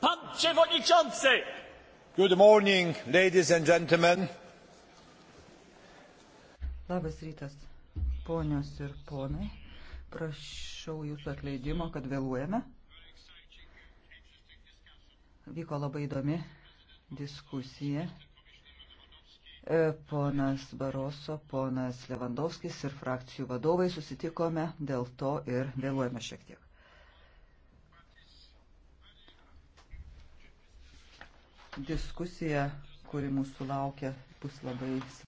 Pan przewodniczący! Good morning, ladies and gentlemen. Labas rytas, ponios ir ponai. Prašau jūsų atleidimo, kad vėluojame. Vyko labai įdomi diskusija e, ponas Baroso, ponas Levandovskis ir frakcijų vadovai susitikome, dėl to ir vėluojame šiek tiek. diskusija, kuri mūsų laukia, bus labai